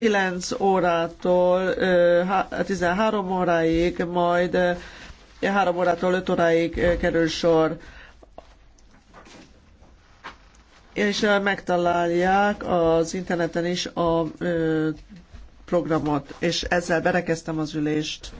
9 órától 13 óráig, majd 3 órától 5 óráig kerül sor. És megtalálják az interneten is a programot, és ezzel berekeztem az ülést.